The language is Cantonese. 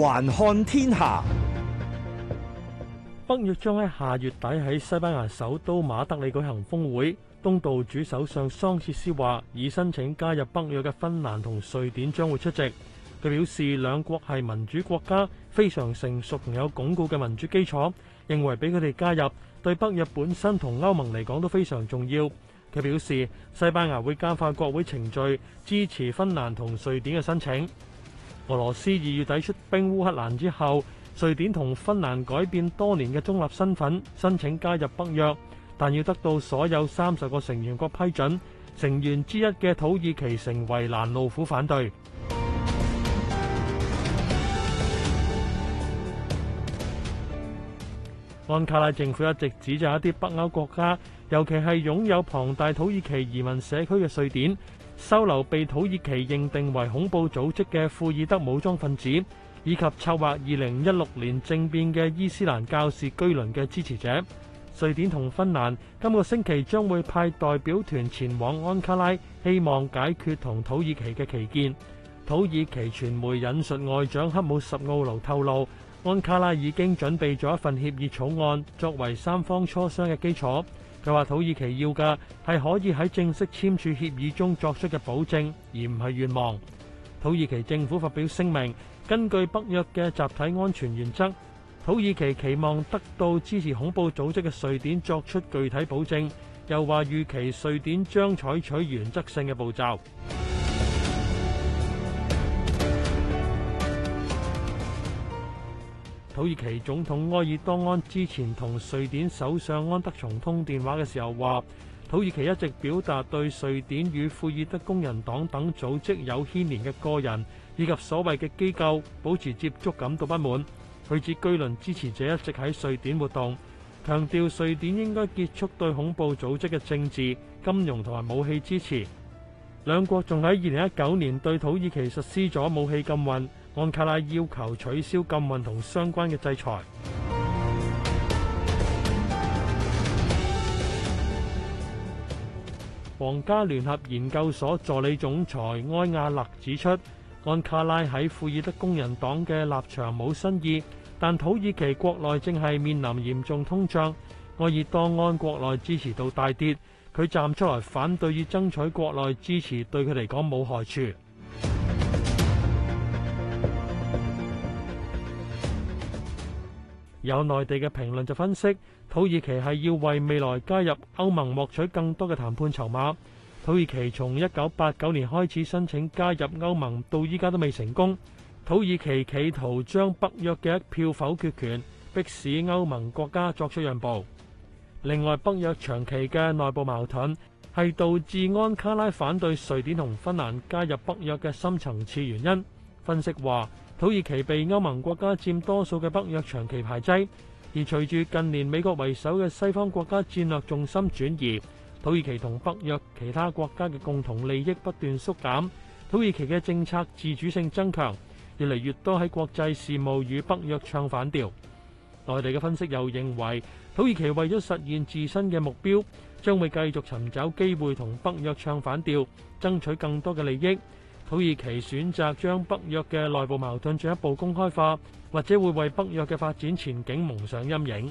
環看天下，北約將喺下月底喺西班牙首都馬德里舉行峰會。東道主首相桑切斯話，已申請加入北約嘅芬蘭同瑞典將會出席。佢表示，兩國係民主國家，非常成熟同有鞏固嘅民主基礎，認為俾佢哋加入對北約本身同歐盟嚟講都非常重要。佢表示，西班牙會加快國會程序，支持芬蘭同瑞典嘅申請。俄羅斯二月底出兵烏克蘭之後，瑞典同芬蘭改變多年嘅中立身份，申請加入北約，但要得到所有三十個成員國批准。成員之一嘅土耳其成為攔路虎，反對。安卡拉政府一直指責一啲北歐國家，尤其係擁有龐大土耳其移民社區嘅瑞典，收留被土耳其認定為恐怖組織嘅庫爾德武裝分子，以及策劃二零一六年政變嘅伊斯蘭教士居倫嘅支持者。瑞典同芬蘭今個星期將會派代表團前往安卡拉，希望解決同土耳其嘅歧見。土耳其傳媒引述外長黑姆十奧盧透露，安卡拉已經準備咗一份協議草案，作為三方磋商嘅基礎。佢話土耳其要嘅係可以喺正式簽署協議中作出嘅保證，而唔係願望。土耳其政府發表聲明，根據北約嘅集體安全原則，土耳其期望得到支持恐怖組織嘅瑞典作出具體保證，又話預期瑞典將採取原則性嘅步驟。土耳其總統埃爾多安之前同瑞典首相安德松通電話嘅時候，話土耳其一直表達對瑞典與庫爾德工人黨等組織有牽連嘅個人以及所謂嘅機構保持接觸感到不滿。佢指居倫支持者一直喺瑞典活動，強調瑞典應該結束對恐怖組織嘅政治、金融同埋武器支持。兩國仲喺2019年對土耳其實施咗武器禁運。安卡拉要求取消禁運同相關嘅制裁。皇家聯合研究所助理總裁埃亞勒指出，安卡拉喺庫爾德工人黨嘅立場冇新意，但土耳其國內正係面臨嚴重通脹，愛爾多安國內支持度大跌，佢站出來反對以爭取國內支持，對佢嚟講冇害處。有內地嘅評論就分析，土耳其係要為未來加入歐盟獲取更多嘅談判籌碼。土耳其從一九八九年開始申請加入歐盟，到依家都未成功。土耳其企圖將北約嘅一票否決權，迫使歐盟國家作出讓步。另外，北約長期嘅內部矛盾，係導致安卡拉反對瑞典同芬蘭加入北約嘅深層次原因。分析話：土耳其被歐盟國家佔多數嘅北約長期排擠，而隨住近年美國為首嘅西方國家戰略重心轉移，土耳其同北約其他國家嘅共同利益不斷縮減，土耳其嘅政策自主性增強，越嚟越多喺國際事務與北約唱反調。內地嘅分析又認為，土耳其為咗實現自身嘅目標，將會繼續尋找機會同北約唱反調，爭取更多嘅利益。土耳其選擇將北約嘅內部矛盾進一步公開化，或者會為北約嘅發展前景蒙上陰影。